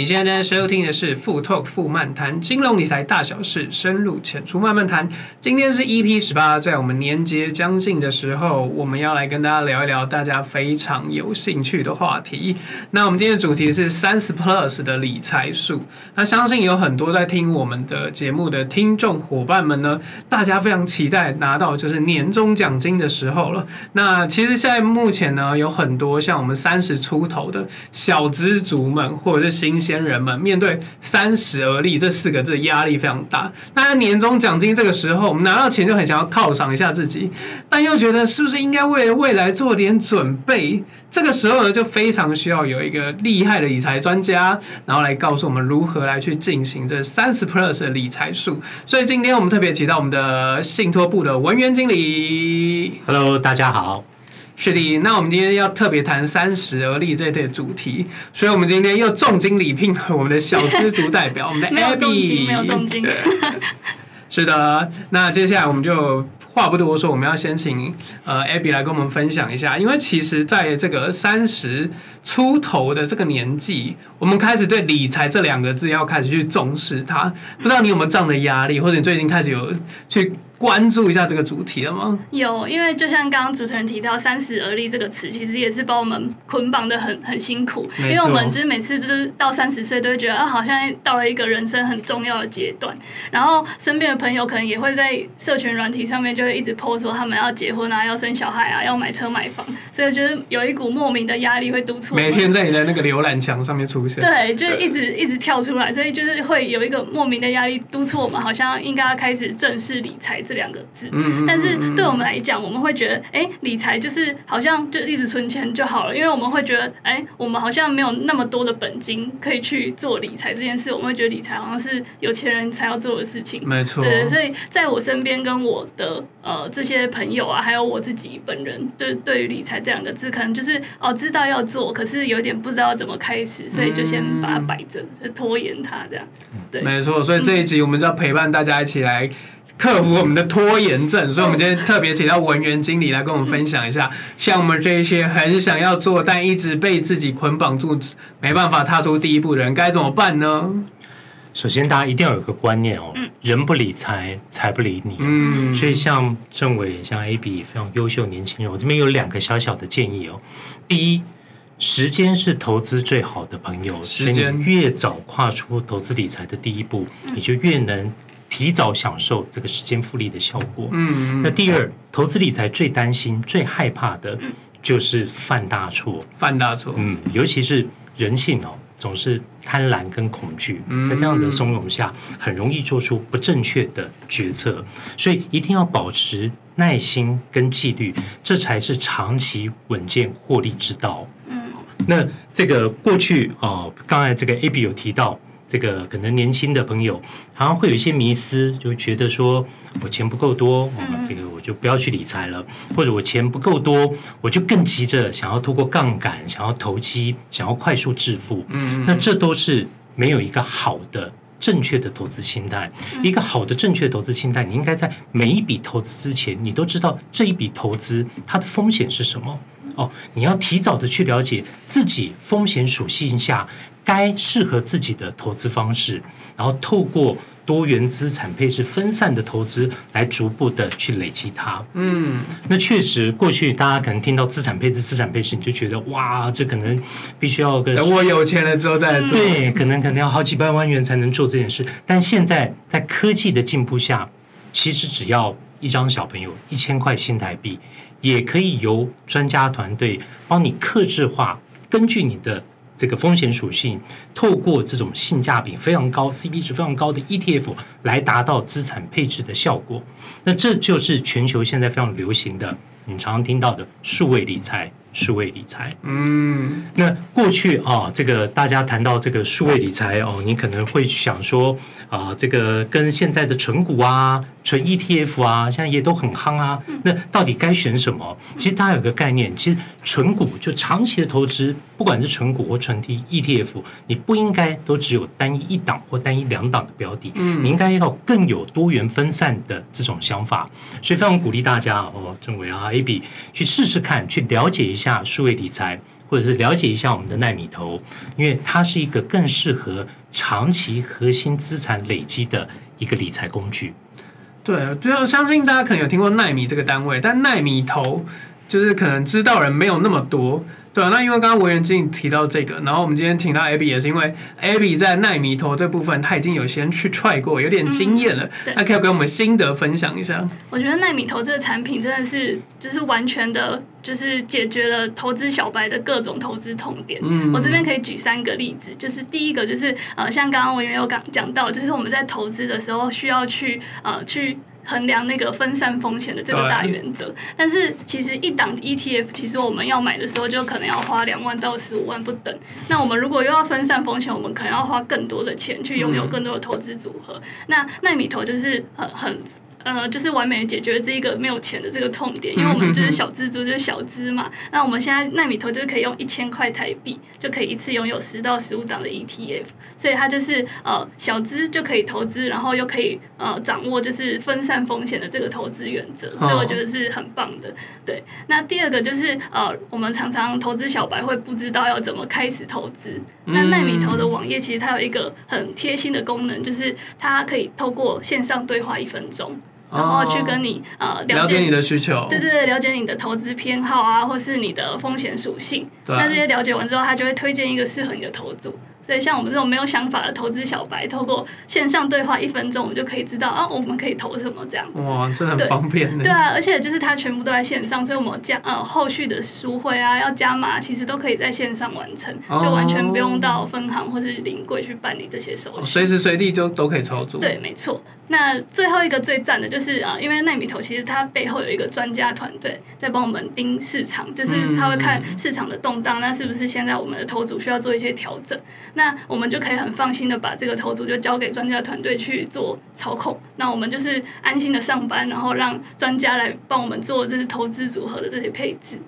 你現在收聽的是富 Talk 富漫談，金融理財大小事，深入淺出慢慢談。今天是 EP 十八，在我們年節將近的時候，我們要來跟大家聊一聊大家非常有興趣的話題。那我們今天的主題是三十 Plus 的理財術。那相信有很多在聽我們的節目的聽眾夥伴們呢，大家非常期待拿到就是年終獎金的時候了。那其實現在目前呢，有很多像我們三十出頭的小資族們，或者是新興。先人們面對三十而立這四個字，壓力非常大。那年終獎金這個時候，我們拿到錢就很想要犒賞一下自己，但又覺得是不是應該為未來做點準備？這個時候呢，就非常需要有一個厲害的理財專家，然後來告訴我們如何來去進行這三十 plus 的理財術。所以今天我們特別請到我們的信託部的文員經理。Hello，大家好。是的，那我們今天要特別談三十而立這個主題，所以我們今天又重金禮聘我們的小資族代表，我們的 Abby。 沒有重金，沒有重金， 對，是的，那接下來我們就話不多說，我們要先請呃 Abby 來跟我們分享一下，因為其實在這個三十出頭的這個年紀，我們開始對理財這兩個字要開始去重視它。不知道你有沒有這樣的壓力，或者你最近開始有去？關注一下這個主題了嗎？有，因為就像剛剛主持人提到“三十而立”這個詞，其實也是把我們捆綁的很很辛苦。錯因為我們就是每次就是到三十歲，都會覺得啊，好像到了一個人生很重要的階段。然後身邊的朋友可能也會在社群軟體上面就會一直 po 說他們要結婚啊、要生小孩啊、要買車買房，所以就是有一股莫名的壓力會督促。每天在你的那個瀏覽牆上面出現，對，就是一直對一直跳出來，所以就是會有一個莫名的壓力督促我們，好像應該要開始正式理財。這兩個字，嗯、但是對我們來講，嗯、我們會覺得，哎，理財就是好像就一直存錢就好了，因為我們會覺得，哎，我們好像沒有那麼多的本金可以去做理財這件事，我們會覺得理財好像是有錢人才要做的事情。沒錯。對，對，所以在我身邊跟我的呃這些朋友啊，還有我自己本人，對對於理財這兩個字，可能就是哦知道要做，可是有點不知道怎麼開始，所以就先把它擺正，嗯、就拖延它這樣。對沒錯，所以這一集我們就要陪伴大家一起來克服我們的拖延症，所以我們今天特別請到文員經理來跟我們分享一下，像我們這些很想要做但一直被自己捆綁住，沒辦法踏出第一步的人，該怎麼辦呢？首先，大家一定要有個觀念哦，人不理財，財不理你。嗯，所以像政委、像 AB 非常優秀年輕人，我這邊有兩個小小的建議哦。第一，時間是投資最好的朋友，時間越早跨出投資理財的第一步，嗯、你就越能。提早享受這個時間複利的效果。嗯，嗯，那第二，對投資理財最擔心、最害怕的，就是犯大錯。犯大錯，嗯，尤其是人性哦，總是貪婪跟恐懼，嗯嗯，在這樣的慫恿下，很容易做出不正確的決策。所以一定要保持耐心跟紀律，這才是長期穩健獲利之道。嗯，那這個過去哦，剛才這個 A、B 有提到。這個可能年輕的朋友好像會有一些迷思，就覺得說我錢不夠多，這個我就不要去理財了，或者我錢不夠多，我就更急着想要通過槓桿、想要投機、想要快速致富。嗯，那這都是沒有一個好的、正確的投資心態。一個好的、正確的投資心態，你應該在每一筆投資之前，你都知道這一筆投資它的風險是什麼。哦，你要提早的去了解自己風險屬性下。該適合自己的投資方式，然後透過多元資產配置、分散的投資來逐步的去累積它。嗯，那確實，過去大家可能聽到資產配置、資產配置，你就覺得哇，這可能必須要跟等我有錢了之後再來做。嗯、對，可能可能要好幾百萬元才能做這件事。但現在在科技的進步下，其實只要一張小朋友一千塊新台幣，也可以由專家團隊幫你客製化，根據你的。這個風險屬性，透過這種性價比非常高，CP 值非常高的 E T F 來達到資產配置的效果，那這就是全球現在非常流行的，你常常聽到的數位理財。數位理財，嗯，那過去啊，這個大家談到這個數位理財哦，你可能會想說啊、呃，這個跟現在的存股啊、存 ETF 啊，現在也都很夯啊。那到底該選什麼？其實大家有個概念，其實存股就長期的投資，不管是存股或存 ETF，你不應該都只有單一一檔或單一兩檔的標的，嗯，你應該要更有多元分散的這種想法。所以非常鼓勵大家哦，鄭偉啊，AB bey, 去試試看，去了解一下。下數位理財，或者是了解一下我們的奈米投，因為它是一個更適合長期核心資產累積的一個理財工具。對，最後相信大家可能有聽過奈米這個單位，但奈米投。就是可能知道人沒有那麼多，對、啊、那因為剛剛文元經理提到這個，然後我們今天請到 Abby 也是因為 Abby 在奈米投這部分，他已經有先去踹過，有點經驗了，他、嗯、可以給我們心得分享一下。我覺得奈米投這個產品真的是，就是完全的，就是解決了投資小白的各種投資痛點。嗯，我這邊可以舉三個例子，就是第一個就是呃，像剛剛文元有講講到，就是我們在投資的時候需要去呃去。衡量那個分散風險的這個大原則，對啊、但是其實一檔 ETF，其實我們要買的時候就可能要花兩萬到十五萬不等。那我們如果又要分散風險，我們可能要花更多的錢去擁有更多的投資組合。嗯、那奈米投就是很很。呃，就是完美的解決了這一個沒有錢的這個痛點，因為我們就是小資族，就是小資嘛。 那我們現在奈米投就是可以用一千塊台幣就可以一次擁有十到十五檔的 ETF，所以它就是呃小資就可以投資，然後又可以呃掌握就是分散風險的這個投資原則，所以我覺得是很棒的。Oh. 對，那第二個就是呃我們常常投資小白會不知道要怎麼開始投資， 那奈米投的網頁其實它有一個很貼心的功能，就是它可以透過線上對話一分鐘。然後去跟你、哦、呃了解，了解你的需求，對，對對，了解你的投資偏好啊，或是你的風險屬性。對，那這些了解完之後，他就會推薦一個適合你的投資。所以像我們這種沒有想法的投資小白，透過線上對話一分鐘，我們就可以知道啊，我們可以投什麼這樣子。哇，真的很方便對。對啊，而且就是它全部都在線上，所以我們加呃後續的贖回啊，要加碼，其實都可以在線上完成，就完全不用到分行或是臨櫃去辦理這些手續。哦，隨時隨地就都可以操作。對，沒錯。那最後一個最讚的就是啊、呃，因為奈米投其實它背後有一個專家團隊在幫我們盯市場，就是他會看市場的動盪，嗯、那是不是現在我們的投組需要做一些調整？那我們就可以很放心的把這個投資就交給專家團隊去做操控，那我們就是安心的上班，然後讓專家來幫我們做這些投資組合的這些配置。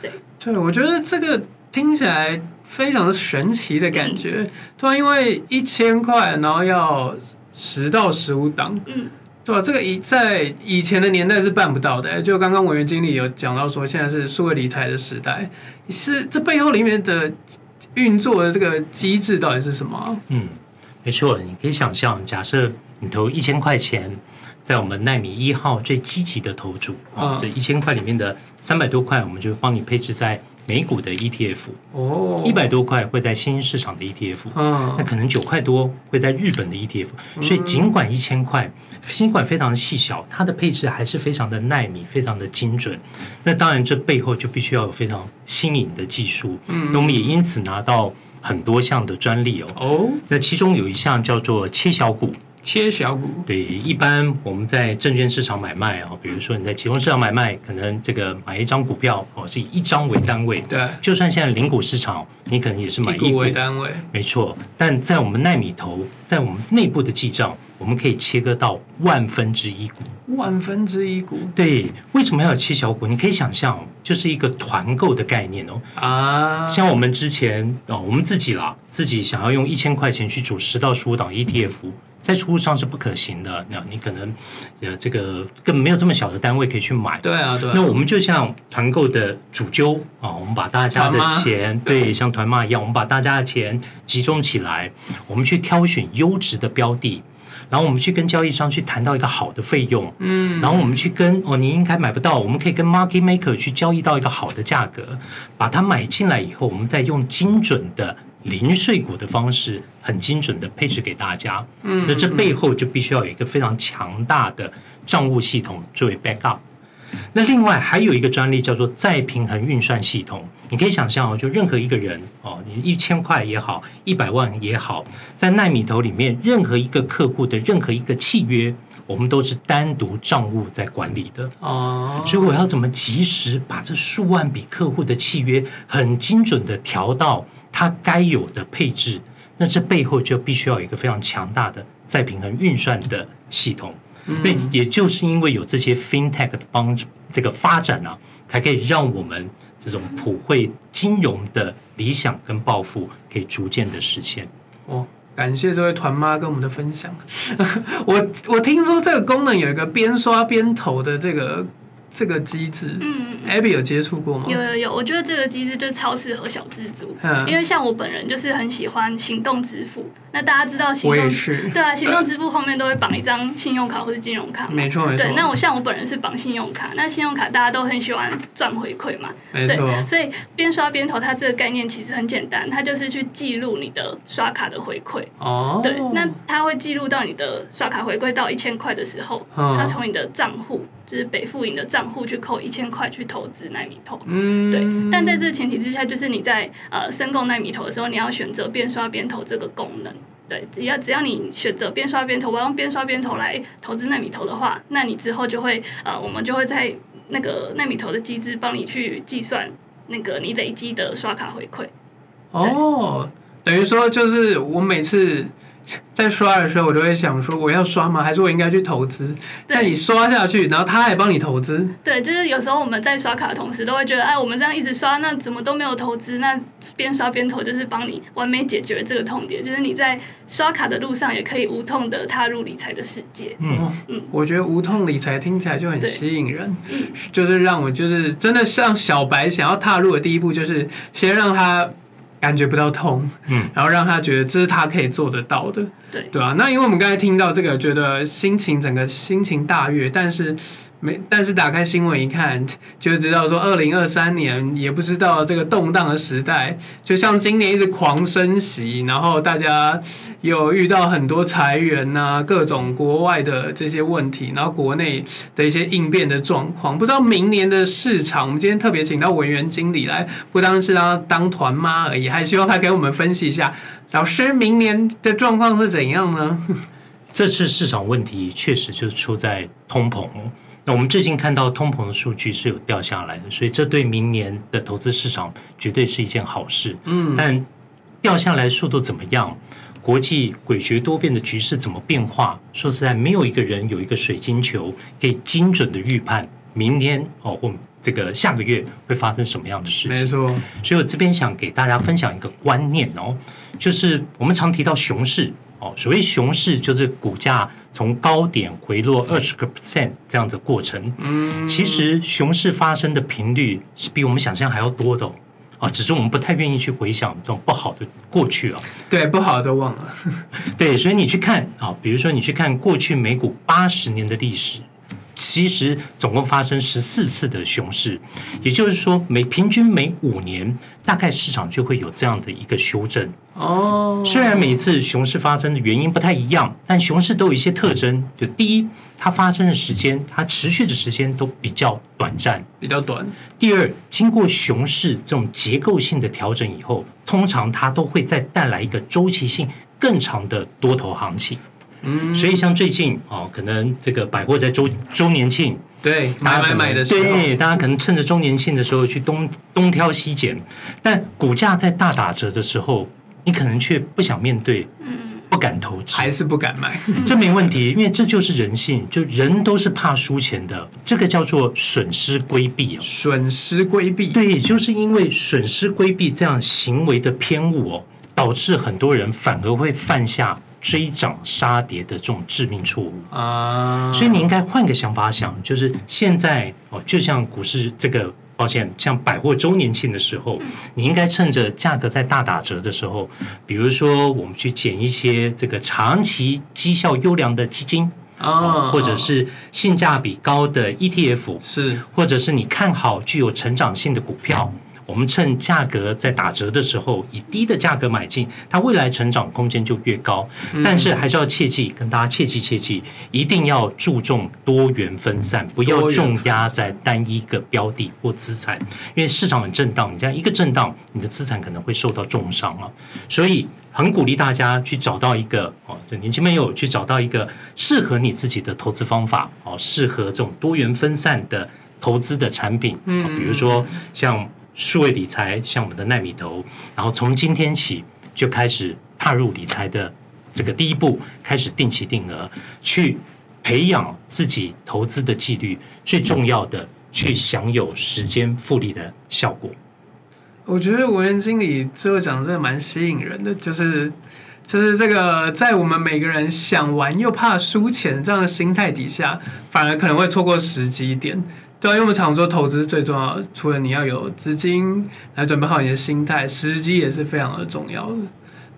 對，對，我覺得這個聽起來非常神奇的感覺，突然、嗯、因為一千塊，然後要十到十五檔，嗯，對吧？這個以在以前的年代是辦不到的，就剛剛文員經理有講到說，現在是數位理財的時代，是這背後裡面的運作的這個機制到底是什麼？嗯，沒錯，你可以想象假設你投一千塊錢在我們奈米一號最積極的投注啊，這一千塊裡面的三百多塊，我們就幫你配置在。美股的 ETF，哦，一百多塊會在新興市場的 ETF，、oh. 那可能九塊多會在日本的 ETF，、oh. 所以儘管一千塊，儘管非常細小，它的配置還是非常的奈米，非常的精準。那當然，這背後就必須要有非常新穎的技術。嗯，那我們也因此拿到很多項的專利哦。哦，那其中有一項叫做切小股。切小股對，一般我們在證券市場買賣啊、哦，比如說你在其中市場買賣，可能這個買一張股票哦，是以一張為單位。對，就算現在零股市場，你可能也是買一股,一股為單位，沒錯。但在我們奈米投，在我們內部的記賬，我們可以切割到萬分之一股，萬分之一股。對，為什麼要有切小股？你可以想象，就是一個團購的概念哦啊，像我們之前啊、哦，我們自己啦，自己想要用一千塊錢去組十到十五檔 ETF。在出入上是不可行的，那你可能呃，這個更沒有這麼小的單位可以去買。對啊，對啊，對。那我們就像團購的主揪啊，我們把大家的錢，媽對，像團媽一樣，我們把大家的錢集中起來，我們去挑選優質的標的，然後我們去跟交易商去談到一個好的費用，嗯，然後我們去跟哦，你應該買不到，我們可以跟 market maker 去交易到一個好的價格，把它買進來以後，我們再用精準的。零碎股的方式，很精準的配置給大家。嗯，那這背後就必須要有一個非常強大的賬務系統作為 back up。那另外還有一個專利叫做再平衡運算系統。你可以想象哦，就任何一個人哦、喔，你一千塊也好，一百萬也好，在奈米投裡面，任何一個客戶的任何一個契約，我們都是單獨賬務在管理的。哦，所以我要怎麼及時把這數萬筆客戶的契約很精準的調到？它該有的配置，那這背後就必須要有一個非常強大的再平衡運算的系統。所以、嗯、也就是因為有這些 fintech 的幫助，這個發展啊，才可以讓我們這種普惠金融的理想跟抱負可以逐漸的實現。哦，感謝這位團媽跟我們的分享。 我我聽說這個功能有一個邊刷邊投的這個。這個機制、嗯、，Abby 有接觸過嗎？有有有，我覺得這個機制就是超適合小資族，嗯、因為像我本人就是很喜歡行動支付。那大家知道行動支付對啊，行動支付後面都會綁一張信用卡或者金融卡嘛。沒錯沒錯。對，那我像我本人是綁信用卡，那信用卡大家都很喜歡賺回饋嘛。沒錯。對。所以邊刷邊投，它這個概念其實很簡單，它就是去記錄你的刷卡的回饋。哦。對，那它會記錄到你的刷卡回饋到一千塊的時候，嗯、它從你的賬戶，就是北富銀的賬。戶去扣一千塊去投資奈米投，嗯，對。但在這個前提之下，就是你在呃申購奈米投的時候，你要選擇邊刷邊投這個功能，對。只要只要你選擇邊刷邊投，我要用邊刷邊投來投資奈米投的話，那你之後就會呃，我們就會在那個奈米投的機制幫你去計算那個你累積的刷卡回饋。對哦，等於說就是我每次。在刷的時候，我就會想說：我要刷嗎？還是我應該去投資？對但你刷下去，然後他還幫你投資？對，就是有時候我們在刷卡的同時，都會覺得：哎，我們這樣一直刷，那怎麼都沒有投資？那邊刷邊投，就是幫你完美解決這個痛點，就是你在刷卡的路上也可以無痛的踏入理財的世界。嗯嗯，嗯我覺得無痛理財聽起來就很吸引人，對就是讓我就是真的像小白想要踏入的第一步，就是先讓他。感覺不到痛，嗯，然後讓他覺得這是他可以做得到的。對對啊，那因為我們剛才聽到這個，覺得心情整個心情大悅，但是。沒，但是打開新聞一看，就知道說二零二三年也不知道這個動盪的時代，就像今年一直狂升息，然後大家有遇到很多裁員吶、啊，各種國外的這些問題，然後國內的一些應變的狀況，不知道明年的市場。我們今天特別請到文員經理來，不單是讓他當團媽而已，還希望他給我們分析一下，老師明年的狀況是怎樣呢？這次市場問題確實就出在通膨。那我們最近看到通膨的數據是有掉下來的，所以這對明年的投資市場絕對是一件好事。嗯，但掉下來速度怎麼樣？國際詭譎多變的局勢怎麼變化？說實在，沒有一個人有一個水晶球可以精準的預判明年哦，或這個下個月會發生什麼樣的事情？沒錯。所以我這邊想給大家分享一個觀念哦，就是我們常提到熊市。哦，所謂熊市就是股價從高點回落二十個 percent 這樣的過程。嗯，其實熊市發生的頻率是比我們想象還要多的哦。哦，只是我們不太願意去回想這種不好的過去啊，哦。對，不好的都忘了。 對，所以你去看啊，哦，比如說你去看過去美股八十年的歷史。其實總共發生十四次的熊市，也就是說每平均每五年大概市場就會有這樣的一個修正哦。雖然每次熊市發生的原因不太一樣，但熊市都有一些特徵。就第一，它發生的時間、它持續的時間都比較短暫，比較短。第二，經過熊市這種結構性的調整以後，通常它都會再帶來一個周期性更長的多頭行情。嗯、所以，像最近哦，可能這個百貨在周周年慶，對，買買買的時候，對，大家可能趁着周年慶的時候去東東挑西撿，但股價在大打折的時候，你可能卻不想面對，嗯、不敢投資，還是不敢買，呵呵這沒問題，因為這就是人性，就人都是怕輸錢的，這個叫做損失規避哦，損失規避，對，就是因為損失規避這樣行為的偏誤哦，導致很多人反而會犯下。追漲殺跌的這種致命錯誤啊！所以你應該換個想法想，就是現在哦，就像股市這個，抱歉，像百貨周年慶的時候，你應該趁着價格在大打折的時候，比如說我們去撿一些這個長期績效優良的基金啊，或者是性價比高的 ETF，是，或者是你看好具有成長性的股票。我們趁價格在打折的時候，以低的價格買進，它未來成長空間就越高。但是還是要切記，跟大家切記切記，一定要注重多元分散，不要重壓在單一個標的或資產，因為市場很震盪，你這樣一個震盪，你的資產可能會受到重傷啊。所以很鼓勵大家去找到一個哦，這年輕朋友去找到一個適合你自己的投資方法哦，適合這種多元分散的投資的產品，比如說像。數位理財，像我們的奈米投，然後從今天起就開始踏入理財的這個第一步，開始定期定額，去培養自己投資的紀律，最重要的去享有時間複利的效果。我覺得文彥經理最後講的這個蠻吸引人的，就是就是這個在我們每個人想玩又怕輸錢這樣的心態底下，反而可能會錯過時機一點。對啊，因為我們常常說投資最重要，除了你要有資金，還準備好你的心態，時機也是非常的重要的。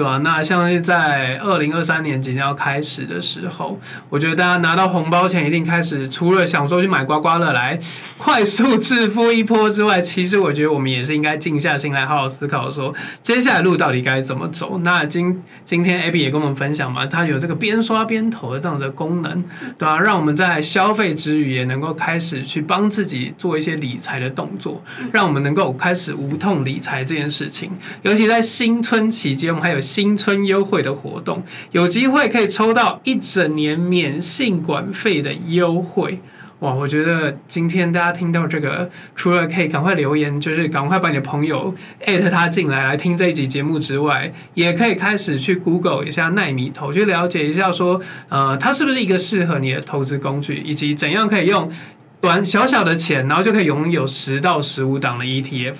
對吧？那相當於在二零二三年即將要開始的時候，我覺得大家拿到紅包錢一定開始除了想說去買刮刮樂來快速致富一波之外，其實我覺得我們也是應該靜下心來好好思考說，接下來路到底該怎麼走。那今今天 a b y 也跟我們分享嘛，它有這個邊刷邊投的這樣的功能，對啊，讓我們在消費之餘也能夠開始去幫自己做一些理財的動作，讓我們能夠開始無痛理財這件事情。尤其在新春期間，我們還有。新春優惠的活動，有機會可以抽到一整年免信管費的優惠，哇！我覺得今天大家聽到這個，除了可以趕快留言，就是趕快把你的朋友艾特他進來來聽這一集節目之外，也可以開始去 Google 一下奈米投，去了解一下說，呃，它是不是一個適合你的投資工具，以及怎樣可以用短小小的錢，然後就可以擁有十到十五檔的 ETF。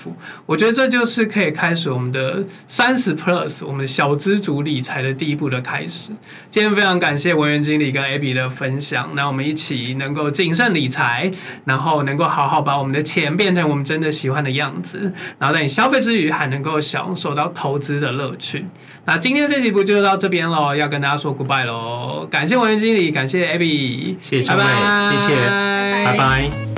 我覺得這就是可以開始我們的三十 plus，我們小資族理財的第一步的開始。今天非常感謝文員經理跟 Abby 的分享，那我們一起能夠謹慎理財，然後能夠好好把我們的錢變成我們真的喜歡的樣子，然後在你消費之餘還能夠享受到投資的樂趣。那今天這集就到這邊嘍，要跟大家說 goodbye 囉，感謝王源經理，感謝 Abby，謝謝，bye 謝謝，拜拜 bye，謝謝 bye，拜拜。